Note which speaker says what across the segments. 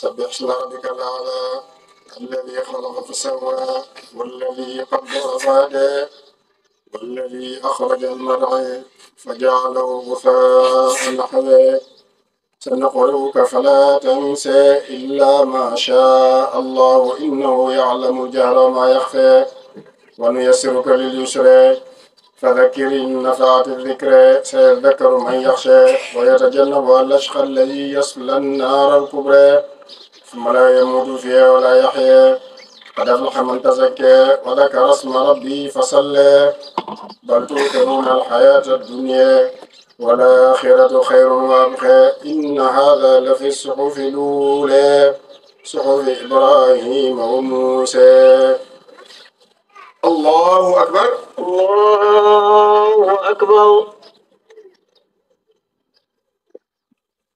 Speaker 1: سبح اسم ربك الأعلى الذي خلق فسوى والذي قدر فهدى والذي أخرج المرعى فجعله غفاء حذى سنقرئك فلا تنسى إلا ما شاء الله إنه يعلم جهر ما يخفى ونيسرك لليسرى فذكر إن نفعت الذكرى سيذكر من يخشى ويتجنب الأشقى الذي يصلى النار الكبرى ثم لا يموت فيها ولا يحيا قد أفلح من تزكى وذكر اسم ربي فصلى بل تؤثرون الحياة الدنيا والآخرة خير وأبقى إن هذا لفي الصحف الأولى صحف إبراهيم وموسى الله أكبر الله أكبر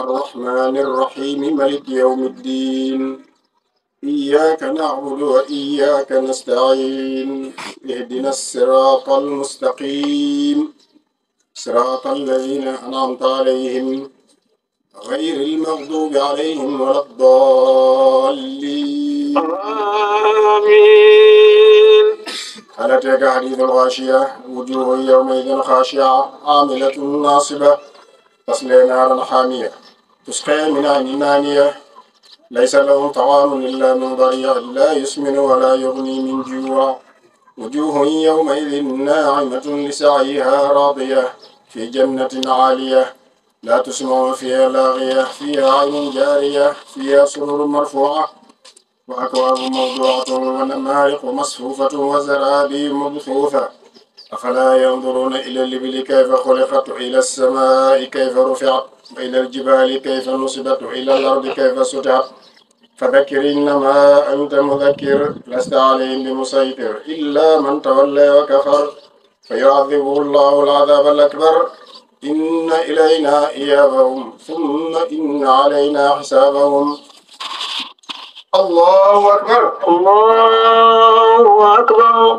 Speaker 1: الرحمن الرحيم ملك يوم الدين إياك نعبد وإياك نستعين اهدنا الصراط المستقيم صراط الذين أنعمت عليهم غير المغضوب عليهم ولا الضالين آمين هل أتاك حديث الغاشية وجوه يومئذ خاشعة عاملة ناصبة تصلي نارا حامية يسقى من عين ليس لهم طعام إلا من ضريع لا يسمن ولا يغني من جوع وجوه يومئذ ناعمة لسعيها راضية في جنة عالية لا تسمع فيها لاغية فيها عين جارية فيها سرور مرفوعة وأكواب موضوعة ونمارق مصفوفة وزرابي مبثوثة أفلا ينظرون إلى الإبل كيف خلقت إلى السماء كيف رفعت وإلى الجبال كيف نصبت وإلى الأرض كيف سجعت فذكر إنما أنت مذكر لست عليهم بمسيطر إلا من تولى وكفر فيعذبه الله العذاب الأكبر إن إلينا إيابهم ثم إن علينا حسابهم الله أكبر الله أكبر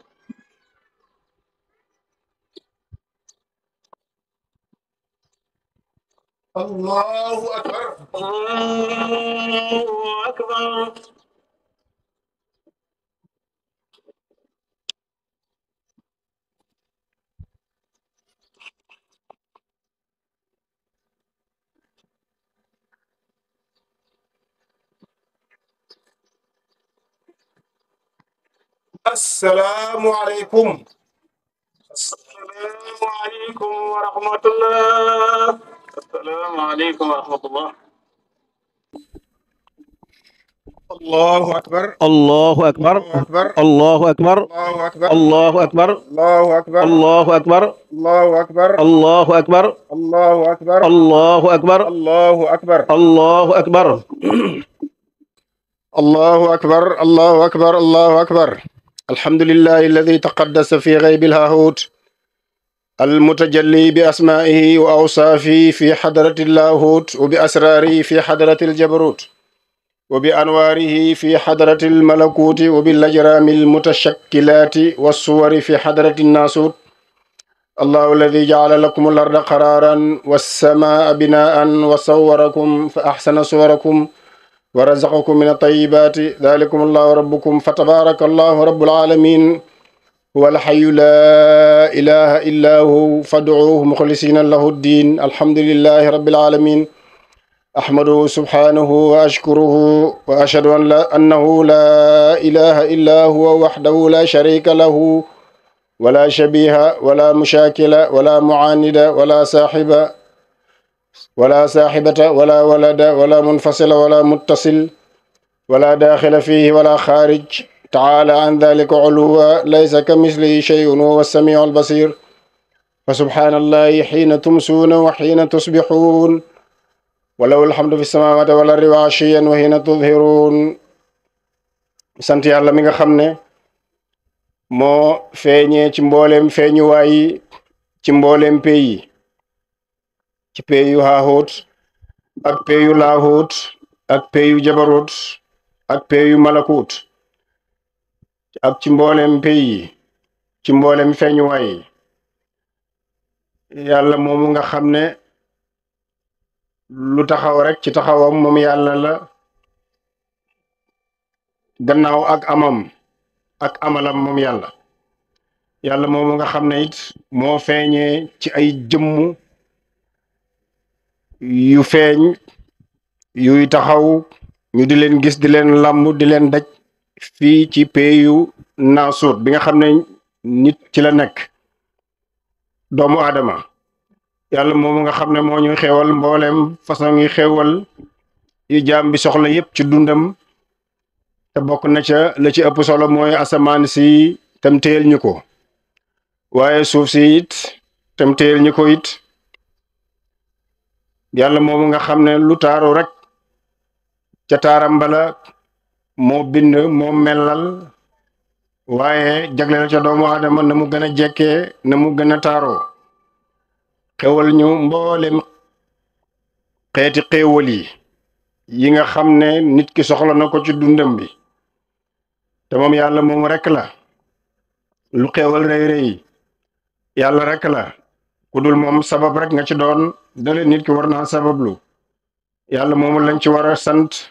Speaker 1: الله أكبر الله أكبر السلام عليكم السلام عليكم ورحمة الله السلام عليكم ورحمة الله الله أكبر الله أكبر الله أكبر الله أكبر الله أكبر الله أكبر الله أكبر الله أكبر الله أكبر الله أكبر الله أكبر الله أكبر الله أكبر الله أكبر الله أكبر الحمد لله الذي تقدس في غيب الهاهوت المتجلي بأسمائه وأوصافه في حضرة اللاهوت وبأسراره في حضرة الجبروت وبأنواره في حضرة الملكوت وبالأجرام المتشكلات والصور في حضرة الناسوت الله الذي جعل لكم الأرض قرارا والسماء بناء وصوركم فأحسن صوركم ورزقكم من الطيبات ذلكم الله ربكم فتبارك الله رب العالمين هو الحي لا إله إلا هو فادعوه مخلصين له الدين الحمد لله رب العالمين أحمده سبحانه وأشكره وأشهد أن لا أنه لا إله إلا هو وحده لا شريك له ولا شبيه ولا مشاكل ولا معاند ولا صاحب ولا صاحبة ولا ولد ولا منفصل ولا متصل ولا داخل فيه ولا خارج تعالى عن ذلك علوا ليس كمثله شيء وهو السميع البصير فسبحان الله حين تمسون وحين تصبحون ولو الحمد في السماوات والارض وعشيا وحين تظهرون سنت الله ميغا خامني مو فيني تي مبولم فيني واي تي مبولم بي تي بيو هاهوت اك بيو لاهوت اك بيو جبروت اك بيو ملكوت ak ci mboolem pays ci mboolem feeñuwaay yi yàlla moomu nga xam ne lu taxaw rek ci taxawam moom yàlla la gannaaw ak amam ak amalam moom yàlla yàlla moomu nga xam ne moo feeñe ci ay jëmm yu feeñ yuy taxaw ñu di leen gis di leen làmb di leen daj fii ci peyu suut bi nga xam ne nit ci la nekk doomu aadama yàlla moomu nga xam ne moo ñu xewal mbooleem façon ngi xewal yu jaam bi soxla yépp ci dundam te bokk na ca la ci ëpp solo mooy asamaan si tam téyel ñu ko waaye suuf si it tam téyel ñu ko it yàlla moomu nga xam ne lu taaru rek ca taaram bala mo bind mo melal waaye jagleel ci doomu aadama na mu gëna jekke na mu gëna taro xewal ñu mbolem xeeti xéewal yi yi nga xamne nit ki soxla nako ci dundam bi te mom yalla mom rek la lu xewal reey reey yalla rek la kudul mom sabab rek nga ci doon dale nit ki warna sabab sabablu yalla mom lañ ci wara sante sant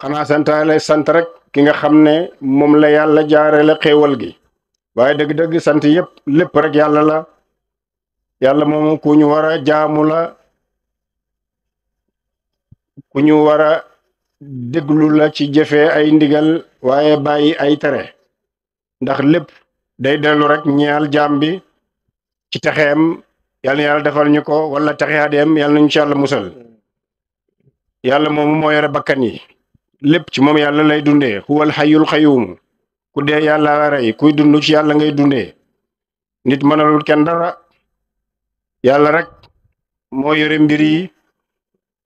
Speaker 1: xanaa santaale sant rek ki nga xam ne moom la yàlla jaare la xéewal gi waaye dëgg-dëgg sant yépp lépp rek yàlla la yàlla moom ku ñu war a jaamu la ku ñu war a déglu la ci jëfe ay ndigal waaye bàyyi ay tere ndax lépp day dellu rek ñeel jaam bi ci texeem yàlla yàlla defal ñu ko wala texeadeem yàlla nañu ci yàlla musal yàlla moomu moo bakkan yi lepp ci mom yalla lay dundé huwal hayyul xayumu ku dé yalla ray kuy dund ci yalla ngay dundé nit manalul kenn dara yalla rek mo yoré mbir yi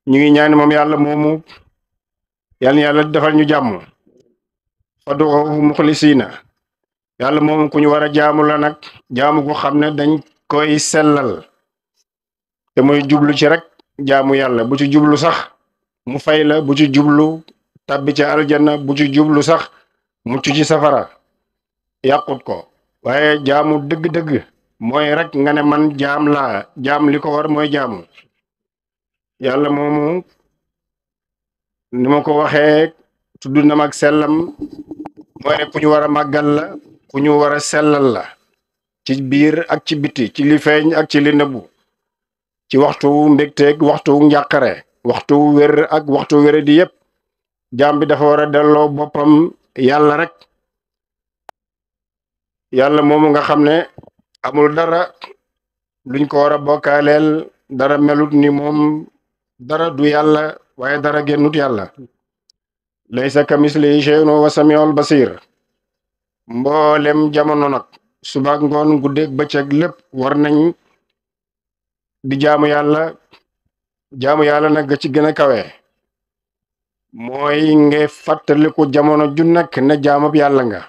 Speaker 1: ñi ngi ñaan yalla yàlla moomu yàlla yalla defal ñu jamm fadu mukhlisina yalla jamu ku ñu wara jaamu la nak jaamu ko xamne dañ koy selal te moy jublu ci rek jaamu yalla bu ci jublu sax mu fay la bu ci jublu tabbi ci aljanna bu ci jublu sax mucc ci safara yaqut ko waye jaamu deug deug moy rek nga ne man jaam la jaam li war moy jaamu yalla momu nima ko waxe tuddu na mag sellam mooy ne kuñu wara magal la kuñu wara war sellal la ci bir ak ci biti ci li feñ ak ci li nebu ci waxtu mbektek waxtu njàqare waxtu wer ak waxtu di yep jaam bi dafa war a delloo boppam yàlla rek yàlla moomu nga xam ne amul dara luñ ko war a bokkaaleel dara melut ni moom dara du yàlla waaye dara génnut yàlla laysa kamislihi shay'un wa samiul basir mboolem jamono nag suba ngoon ngoon guddeeg bëccëg lépp war nañ di jaamu yàlla jaamu yàlla nag ci gën a kawe mooy nga fàttaliku jamono ju nekk na jaamab yàlla nga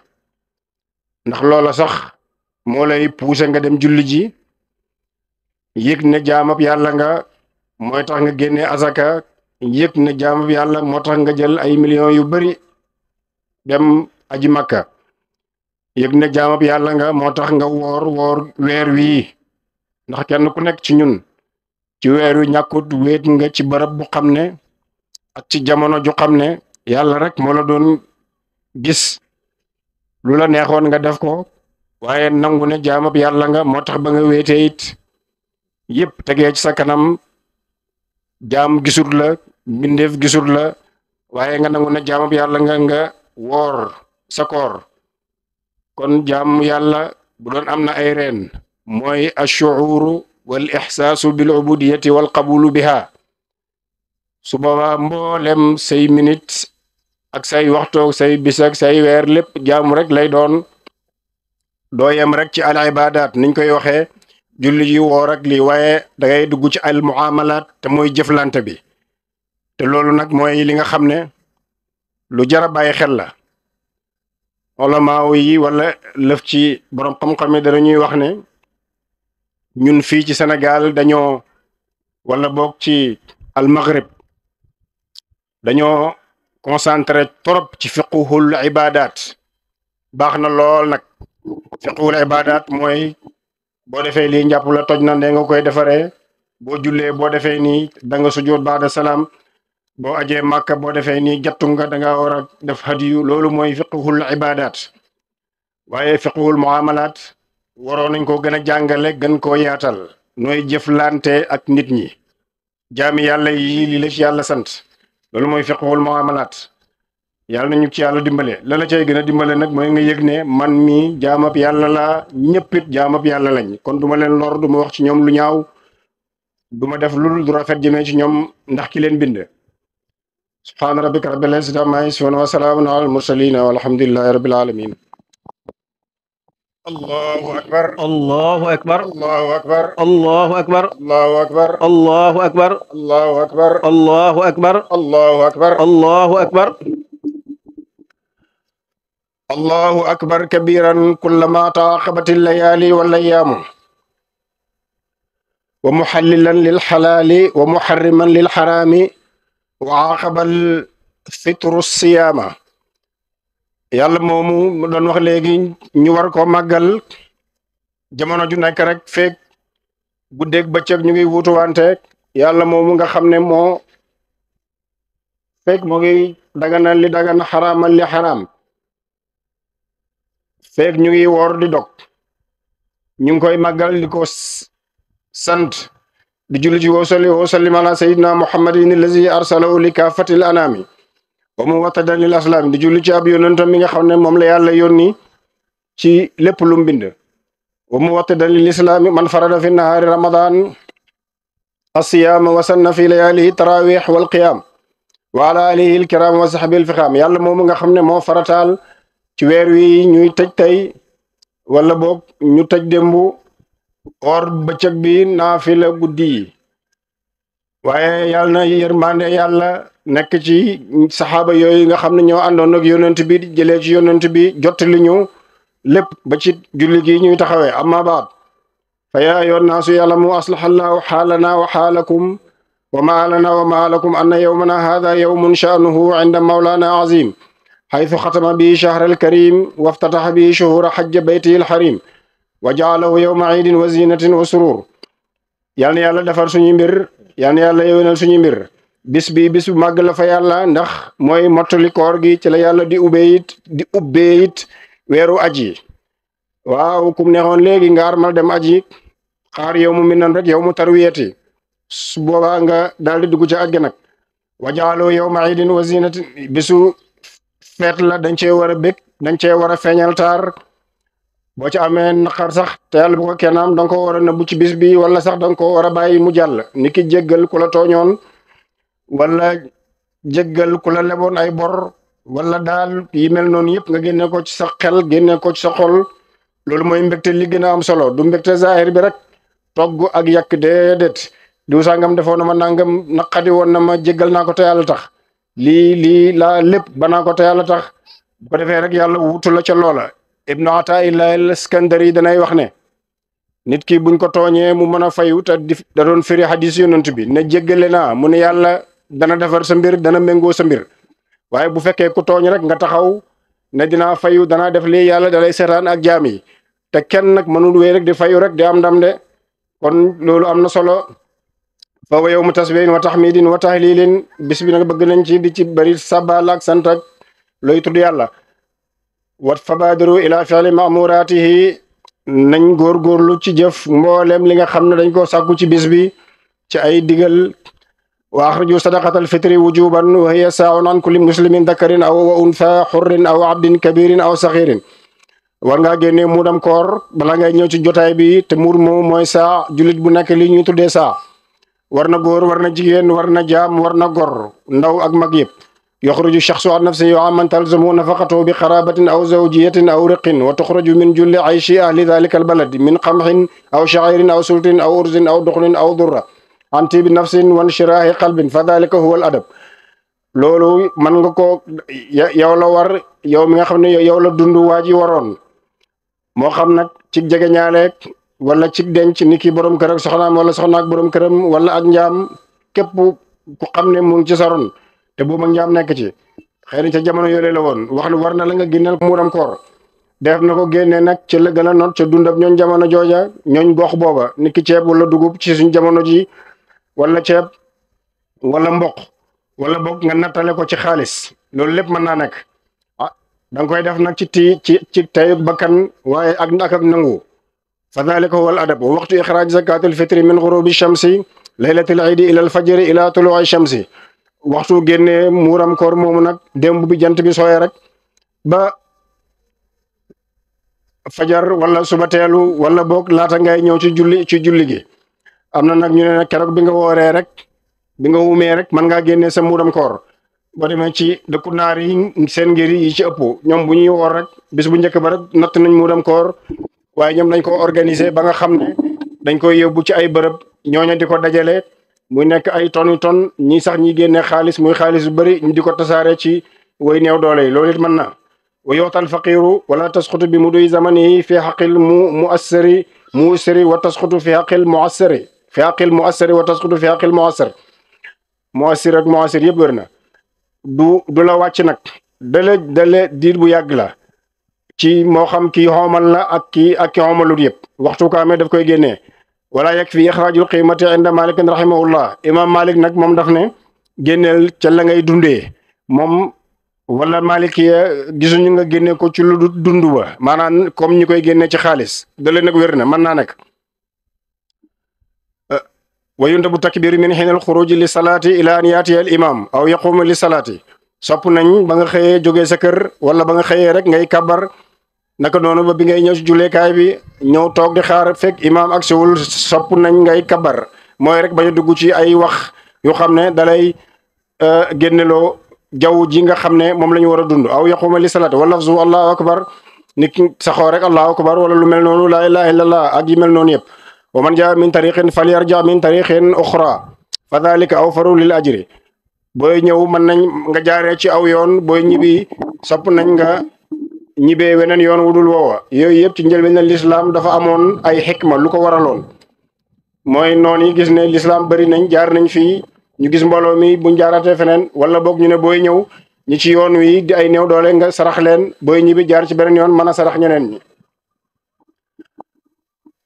Speaker 1: ndax loola sax moo lay pousser nga dem julli ji yëg ne jaamab yàlla nga mooy tax nga génne asaka yëg ne jaamab yàlla moo tax nga jël ay million yu bari dem aji makka yëg na jaamab yàlla nga moo tax nga woor woor weer wii ndax kenn ku nekk ci ñun ci weer wi ñàkkut wéet nga ci barab bu xam ne ak ci jamono ju xamne yalla rek mo la doon gis lu la neexoon nga def ko waye nangu ne jaamab yalla nga motax ba nga wete it yep tege ci sa kanam jaam gisul la mindeef gisul la waye nga nangu ne jaamab yalla nga nga wor sa kor kon jam yalla bu doon amna na ay reen ash-shu'uru wal ihsasu bil ubudiyyati wal qabulu biha su boba mbollem sey minute ak say waxtoog sey bis ak sey wer lepp jam rek lay don doo yem rek ci al ibadat niñ koy waxe julli yi woor ak li waye da ngay dugg ci al muamalat te moy jeflante bi te lolu nak moy li nga xamne lu jara baye xel la yi wala leuf ci borom xam-xam yi ñuy wax ne ñun fi ci senegal dañoo wala bok ci al maghrib dañoo concentré trop ci fiqhul ibadat baax na lool nag fiqhul ibadat mooy boo defee lii njàpp la toj na ne nga koy defaree boo jullee boo defee nii danga nga sujjóot baada salaam boo ajee màkka boo defee nii jattu nga danga nga war a def hadiyu loolu mooy fiqhul ibadat waaye fiqhul muamalat waroon nañ ko gën a jàngale gën koo yaatal nooy jëflante ak nit ñi jaami yàlla yi li ci yàlla sant loolu mooy fiqhul muamalaat yàlla ñu ci yàlla dimbale la la cay gën a dimbale nag mooy nga yëg ne man mii jaamab yàlla laa ñëppit jaamab yàlla lañ kon duma ma leen lor du ma wax ci ñoom lu ñaaw du ma def lu du rafet jëmee ci ñoom ndax ki leen bind subhaana rabbika rabbil izzati ammaa yasifuun wa na alal mursaliin walhamdulillahi rabbil alamin الله أكبر الله أكبر الله أكبر الله أكبر الله أكبر الله أكبر الله أكبر الله أكبر الله أكبر الله أكبر الله أكبر كبيرا كلما تعاقبت الليالي والأيام ومحللا للحلال ومحرما للحرام وعاقب الفطر الصيام yàlla moomu mu doon wax léegi ñu war koo màggal jamono ju nekk rek feeg guddeeg bëccëg ñu ngi wutuwante yàlla moomu nga xam ne moo feeg mu ngi daganal li dagan xaraamal li xaraam feeg ñu ngi woor di dog ñu ngi koy màggal di ko sant di julli ci woosali woosalim ala sayidna muhammadin allazi arsalahu li kaafatil ba mu watadan lil aslaam di julli ci ab yonentam mi nga xam ne moom la yàlla yónni ci lépp lu mu bind wa mu watadan lil islaami man farada fi nahaari ramadan asiyaama wa sanna fi layaalihi tarawih wal qiyaam wa ala alihi al kiram wa sahbi al fiqaam yàlla moomu nga xam ne moo farataal ci weer wi ñuy tëj tey wala boog ñu tëj démbu or bëccëg bi naafila guddi yi waaye yàlla na yërmande yàlla nekk ci saxaaba yooyu nga xam ne ñoo àndoon ak yonent bi jëlee ci yonent bi jottali ñu lépp ba ci julli ñu ñuy taxawee amma baat fa yaa yoon naasu yàlla mu aslaha allahu xaalana wa xaalakum wa maa lanaa wa maa lakum anna yowmana haada yowmun sha'nuhu inda mawlaana azim xaytu xatama bi shahra alkarim waftataxa bi shuhura xajja baytihi alxarim wa jaalahu yowma ciidin wa zinatin wa surur yàlla yàlla defar suñu mbir yaan na yàlla yéwénal suñu mbir bis bi bis màgg la fa yàlla ndax mooy mottali koor gi ci la yàlla di ubbee it di ubbee it weeru aji waaw kum neexoon léegi nga armal dem aji xaar yow mu minan rek yow mu tarwiyati su boobaa nga daal di dugg ci aj ga nag wajaaloo yow ma idin wa zinatin bisu feet la dañ cee war a bég dañ cee war a feeñal taar boo ci amee naqar sax te yàlla bu ko kenn am da nga ko war a nëbbu ci bis bi wala sax da nga ko war a bàyyi mu jàll ni ki jéggal ku la tooñoon wala jéggal ku la leboon ay bor wala daal yi mel noonu yëpp nga génne ko ci sa xel génne ko ci sa xol loolu mooy mbégte li gën a am solo du mbégte zahir bi rek togg ak yàq déedéet du sangam defoon na ma nangam naqadi woon na ma jéggal naa ko te yàlla tax lii lii laa lépp ba naa ko te yàlla tax bu ko defee rek yàlla wutul la ca loola ibnu ata illa al iskandari danay wax ne nit ki buñ ko toñe mu meuna fayu ta da don firi hadith yonent bi ne jéggale mu ne yalla dana defar sa mbir dana mengo sa mbir waye bu fekke ku toñ rek nga taxaw ne dina fayu dana def lii yàlla dalay setan ak jami te kenn nak manul rek di fayu rek di am ndam de kon lolu amna solo fa wa yawm tasbihin wa tahmidin wa tahlilin bisbi bi bëgg nañ ci di ci bari sabbal ak wat fabadru ila fi'li ma'muraatihi nañ lu ci jëf mbollem li nga xamne dañ ko saggu ci bis bi ci ay digal wa sadaqata al fitri wujuban wa hiya sa'un an kulli muslimin dhakarin aw wa untha hurrin aw abdin kabirin aw saghirin war ngaa mu kor koor bala ngay ñew ci jotay bi te mur mo moy sa julit bu nek li ñu tuddé sa warna gor warna jigen warna jam warna gor ndaw ak mag يخرج الشخص عن نفسه عمن تلزمه نفقته بقرابة أو زوجية أو رق وتخرج من جل عيش أهل ذلك البلد من قمح أو شعير أو سلط أو أرز أو دخن أو ذرة عن طيب نفس وانشراح قلب فذلك هو الأدب loolu man nga ko yow la war yow mi nga xam ne yow la dund waa ji waroon moo xam nag ci jege ñaaleeg wala ci denc ni ki borom kër ak soxnaam wala soxna ak borom këram wala ak njaam képp ku xam ne mu ngi ci saroon te boobu njaam nekk ci xëy na ca jamono yooyu la woon wax ne war na la nga génneel muuram koor def na ko génne nag ci la gën a not ca dundab ñooñ jamono jooja ñooñ gox booba niki ceeb wala dugub ci suñ jamono ji wala ceeb wala mboq wala boog nga nattale ko ci xaalis loolu lépp mën naa nekk ah da koy def nag ci tii ci ci tey bakkan waaye ak ak ak nangu fa dalika huwa al adab wa waxtu ixraaj zakatul fitri min xurubi shamsi laylatil iidi ila al fajri ila tulu'i shamsi waxtu génnee muuram koor moomu nag démb bi jant bi sooyee rek ba fajar wala suba teelu wala boog laata ngay ñëw ci julli ci julli gi am na nag ñu ne nag keroog bi nga wooree rek bi nga wumee rek mën ngaa génnee sa muuram koor boo demee ci dëkku naar yi seen ngir yi ci ëpp ñoom bu ñuy woor rek bis bu njëkk ba rek natt nañ muuram koor waaye ñoom dañ ko organiser ba nga xam ne dañ koy yóbbu ci ay bërëb ñooña di ko dajale muy nekk ay tonu ton ñii sax ñi génne xaalis muy xaalis bu bëri ñu di ko tasaare ci way new doole yi loolu it mën na wa yoxtal faqiru wala tasxutu bi mu duy zamanihi fi xaqil mu mu assari mu assari wa tasxutu fi xaqil mu assari fi xaqil mu assari wa tasxutu fi xaqil mu assar mu assir ak mu assir yëpp wér na du du la wàcc nag dale dale diir bu yàgg la ci moo xam kii xoomal la ak kii ak ki xoomalut yëpp waxtu kaamee daf koy génnee wala yak fi ixraajul qiimati inda malikin rahimahullah imam malik nag moom daf ne génneel ca la ngay dundee moom wala malik ya gisuñu nga génne ko ci lu dund ba maanaam comme ñi koy génne ci xaalis da nag wér na mën naa nekk euh, wayunda bu takbir min xinal xuruj li salaati ila an yaatiya al imam aw yaquuma li salaati sopp nañ ba nga xëyee jógee sa kër wala ba nga xëyee rek ngay kabar naka noonu ba bi ngay ñëw si julleekaay bi ñëw toog di xaar fek imaam ak siwul sopp nañ ngay kabar mooy rek bañ a dugg ci ay wax yu xam ne dalay euh, génneloo jaww ji nga xam ne moom la ñu war a dund aw yaquma li salaat wala lafzu allahu akbar nit ki saxoo rek allahu akbar wala lu mel noonu laa ilaha illallah ak yi mel noonu yëpp wa man jaa min tariqin falyarja min tariqin uxra fa dalika aw faru lil ajri booy ñëw mën nañ nga jaaree ci aw yoon booy ñibbi sopp nañ nga ñibee weneen yoon dul woowa yooyu yëpp ci njëlbeen na lislaam dafa amoon ay xikma lu ko waraloon mooy noonu yi gis ne lislaam bari nañ jaar nañ fii ñu gis mbooloo mi buñ jaaraatee feneen wala boog ñu ne booy ñëw ñi ci yoon wi di ay néew doole nga sarax leen booy ñibbi jaar ci beneen yoon man a sarax ñeneen ñi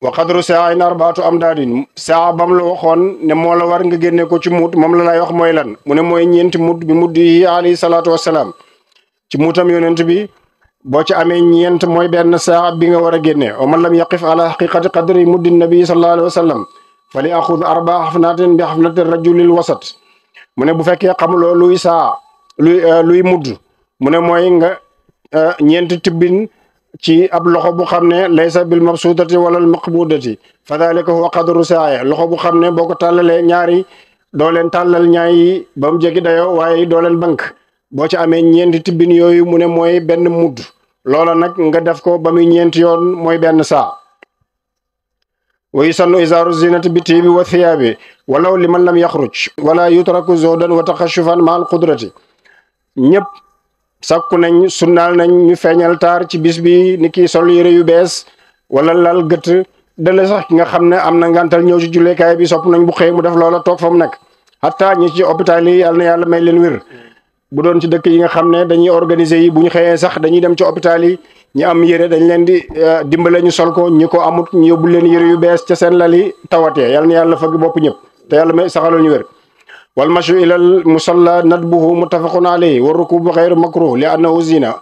Speaker 1: wa qadru sa'in arba'atu amdaadin saa bam la waxoon ne moo la war nga génne ko ci muut moom la lay wax mooy lan mu ne mooy ñeenti muut bi muut yi alayhi salaatu ci muutam yonent bi boo ci amee ñeent mooy benn saa bi nga war a génne wa man lam yaqif ala xaqiqati qadri muddi nabi sallallahu alayhi wa sallam fali axud arba xafnaatin bi xafnati rajulil wasat mu ne bu fekkee xamuloo luy saa luy euh, luy mudd mu ne mooy nga euh, ñeenti tibbin ci ab loxo bu xam ne laysa bil mabsuutati wala al maqbudati fa dalika huwa qadru saaya loxo bu xam ne boo ko tàllalee ñaari doo leen tàllal ñaayi ba mu jegi dayoo waaye doo leen bank boo ci amee ñeenti tibbin yooyu mu ne mooy benn mudd loola nag nga def ko ba mu ñeenti yoon mooy benn saa wa yusannu izaaru zinati bi tiibi wa thiyaabi walaw liman lam yaxruj wala yutraku zodan wa taxashufan maal qudrati ñëpp sàkku nañ sunnaal nañ ñu feeñal taar ci bis bi ni kii sol yére yu bees wala lal gëtt dale sax ki nga xam ne am na ngantal ñëw ci julleekaay bi sopp nañ bu xëy mu def loola toog fa mu nekk xataa ñi ci hôpital yàlla na yàlla may leen wér bu doon ci dëkk yi nga xam ne dañuy organiser yi bu ñu xëyee sax dañuy dem ci hôpital yi ñi am yére dañ leen di euh, dimbale ñu sol ko ñi ko amut ñu yóbbu leen yére yu bees ca seen lali yi tawatee yal na yàlla fëgg bopp ñëpp te yàlla may saxalal ñu wér wal mashu ilal musalla naa muttafaqun alayhi wa rukubu xayru makruh li annahu na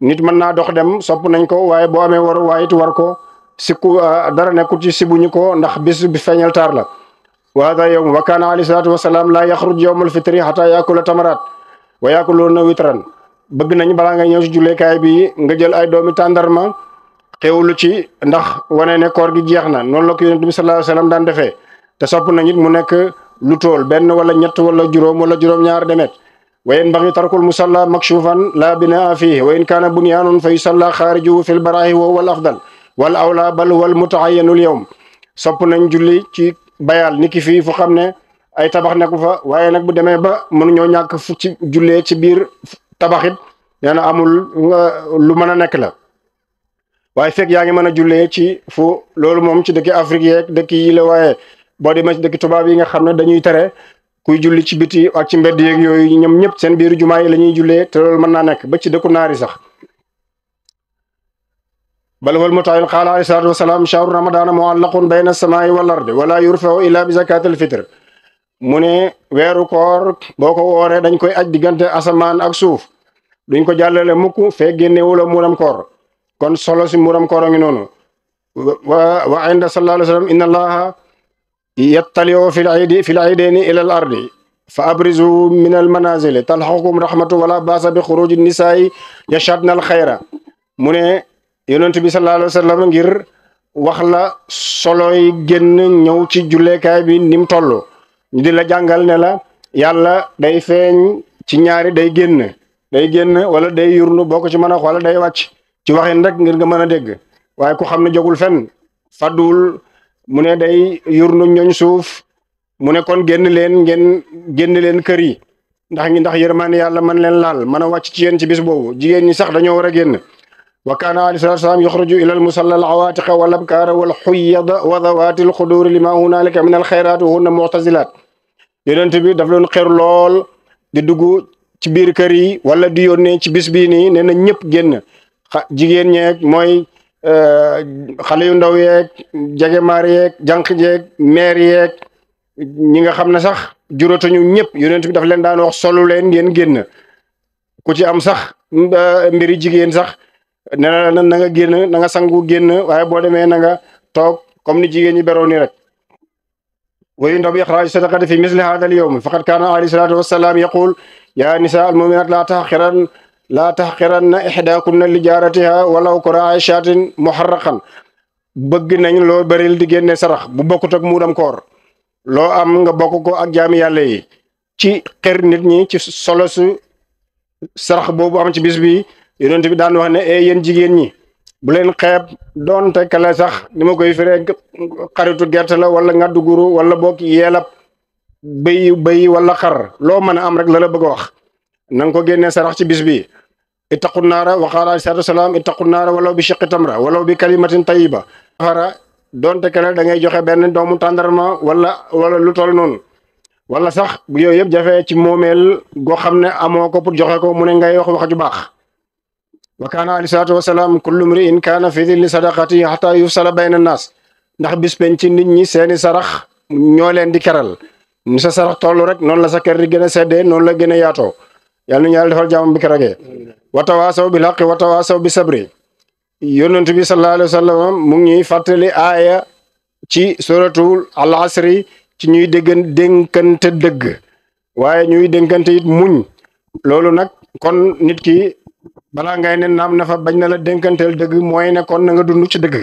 Speaker 1: nit mën naa dox dem sopp nañ ko waaye boo amee war waaye it war ko sikku euh, dara nekkul ci sibuñu ko ndax bis bi feeñal taar la wa hada yowm wa kaana alayhi salaatu wasalaam laa yaxruj yowmal wa yaakuloona witran bëgg nañ balaa ngay ñëw si julleekaay bi nga jël ay doomi tàndarma xewlu ci ndax wane ne koor gi jeex na noonu la ko yonent bi daan defee te sopp nañ it mu nekk lu tool benn wala ñett wala juróom wala juróom-ñaar demet wa yanbaghi tarkul musalla makshufan la binaa fihi wa in kaana bunyaanun fa yusalla xaarijuhu fil baraahi wa huwa al afdal wal awla bal wal mutaayanul yawm sopp nañ julli ci bayal niki fii fu xam ne ay tabax nekku fa waaye nag bu demee ba mënuñoo ñàkk fu ci jullee ci biir tabaxit nee na amul lu mën a nekk la waaye fekk yaa ngi mën a jullee ci fu loolu moom ci dëkki Afrique dëkk yi la waaye boo demee ci dëkki tubaab yi nga xam ne dañuy tere kuy julli ci biti ak ci mbedd yeeg yooyu ñam ñëpp seen biir jumaa yi la ñuy jullee te loolu mën naa nekk ba ci dëkku naari sax bal wal mutawil qaala alayhi salaatu wasalaam shahru ramadaana muallaqun bayna samaai wal ardi wala yurfau i bi zakatil fitr mune wéru koor boko ko dañ koy aj diggante asaman ak suuf duñ ko jàllale mukk fee wala muram koor kon solo muram muram koor ngi nonu wa wa inda sallallahu alaihi wasallam sallam inna allaha yattaliu fil aidi fil aidaini ila al ardi fa abrizu min al manazil talhaqukum rahmatu wala basa bi xuruji nisaai yashadna al khaira mune yonent bi sallallahu alaihi wasallam sallam ngir wax la yi génn ñew ci kay bi nim tollu ñu di la jàngal ne la yàlla day feeñ ci ñaari day génn day génn wala day yurlu boo ko ci mën a xool day wàcc ci waxin rek ngir nga mën a dégg waaye ku xam ne jogul fenn fadduwul mu ne day yurlu ñooñ suuf mu ne kon génn leen ngeen génn leen kër yi ndax ngi ndax yërmaane yàlla man leen laal mën a wàcc ci yéen ci bis boobu jigéen ñi sax dañoo war a génn وكان عليه الصلاه والسلام يخرج الى المصلى العواتق والابكار والحيض وذوات الخدور لما هنالك من الخيرات وهن معتزلات يونت بي دا فلون خير لول دي دغو تي بير كير يي ولا دي يوني تي بيس بي ني نانا نييب ген جيجين نيك موي خالي ندو ييك جاغي مار ييك جانخ ييك مير ييك نيغا خامنا صاح جوروتو ني نييب يونت بي دا دان واخ سولو لين ген ген كو ام صاح مبيري جيجين صاح nee na na nga génn na nga sangu génn waaye boo demee na nga toog comme ni jigéen ñi beroo nii rek wayu ndob ixraaj sadaqati fi misli hada al yowm faqad kaana alayhi salaatu wassalaam yaqul yaa nisa al muminat laa taxqiran laa taxqiranna ixdaakunna li jaaratiha walaw koraa shaatin muharraqan bëgg nañ loo baril di génne sarax bu bokkut ak muudam koor loo am nga bokk ak jaami yàlla yi ci xër nit ñi ci solo su sarax boobu am ci bis bi yonent bi daan wax ne e eh, yeen jigen ñi bu leen xeeb doonte kala sax nima koy fere xaritu gerte la wala ngaddu guru wala bok yeelab bëy bëy wala xar lo meuna a am rek la la bëgg wax nang ko génnee sarax ci bis bi ittaqun nara wa qala alayhi salaatu wasalaam ittaqu naara walaw bi shaqqi tamra wala bi kalimatin tayyiba safara doonte kala da ngay joxe ben doomu tandarma wala wala lu tol non wala sax bu yooyu yëpp ci momel go xamné amoko ko pour joxé ko mune ngay wax waxu bax wa kaana aleyhi salaatu wa salaam kullu mri'in kaana fi dilli sadaqati hatta yufsala bayna naas ndax bis penc ci nit ñi seeni sarax ñoo leen di keral ni sa sarax toll rek noonu la sa ker di gën a seddee noonu la gën a yaatoo yàlla na ñu yàlla jàmm bi kerage wa tawaasaw bi haqqi wa tawaasaw bi sabri yonent bi sallallahu alayhi wa mu ngi ñuy fàttali aaya ci suratul al ci ñuy déggan dénkante dëgg waaye ñuy dénkante it muñ loolu nag kon nit ki bala ngay ne naam nafa bañ na la denkantel deug moy ne kon na nga dund ci deug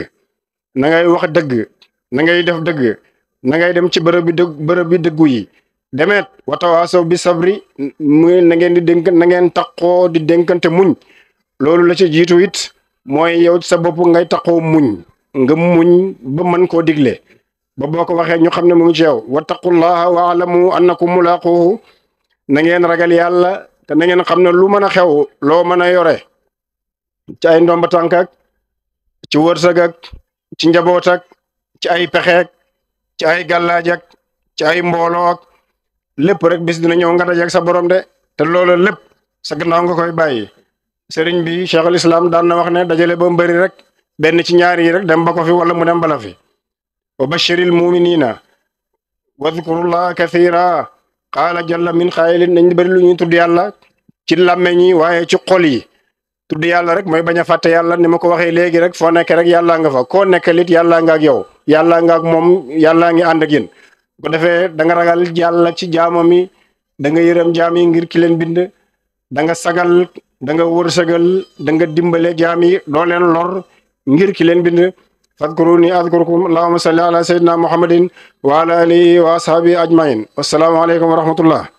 Speaker 1: na ngay wax deug na ngay def deug na ngay dem ci bëreub bi deug bi deug yi demet watawaso bi sabri muy na ngeen di denk na ngeen takko di denkante muñ lolou la ci jitu it moy yow sa bop ngay takko muñ nga muñ ba man ko diglé ba boko waxe ñu xamne mu ngi ci yow wattaqullaha wa alamu annakum mulaquhu na ngeen ragal yalla te na ngeen xam lu mën xew lo mën yoré yore ci ay ndomba tank ak ci wërsëg ak ci njabot ak ci ay ak ci ay gàllaaj ak ci ay mbolo ak lepp rek bis dina ñëw nga ak sa borom de té loolu lepp sa gannaaw nga koy bayyi sëriñ bi cheikh al islam daan na wax né dajalé ba mbëri rek ben ci ñaar yi rek dem ba ko fi wala mu dem bala fi wa bashiril muminina dhkurullaha kathira qaala jalla min xaayilin nañ bari lu ñuy tudd yalla ci làmmeñ waye ci xol yi tudd yalla rek moy baña fatte yalla nima ko waxe legi rek fo nek rek yalla nga fa ko nek lit yalla nga ak yow yalla nga ak mom yalla nga and ak yéen bu defé da nga ragal yalla ci da nga jaam ngir ki len bind da nga sagal da nga wursagal da nga dimbale jaam yi doo lor ngir ki len bind فاذكروني أذكركم اللهم صل على سيدنا محمد وعلى آله وأصحابه أجمعين والسلام عليكم ورحمة الله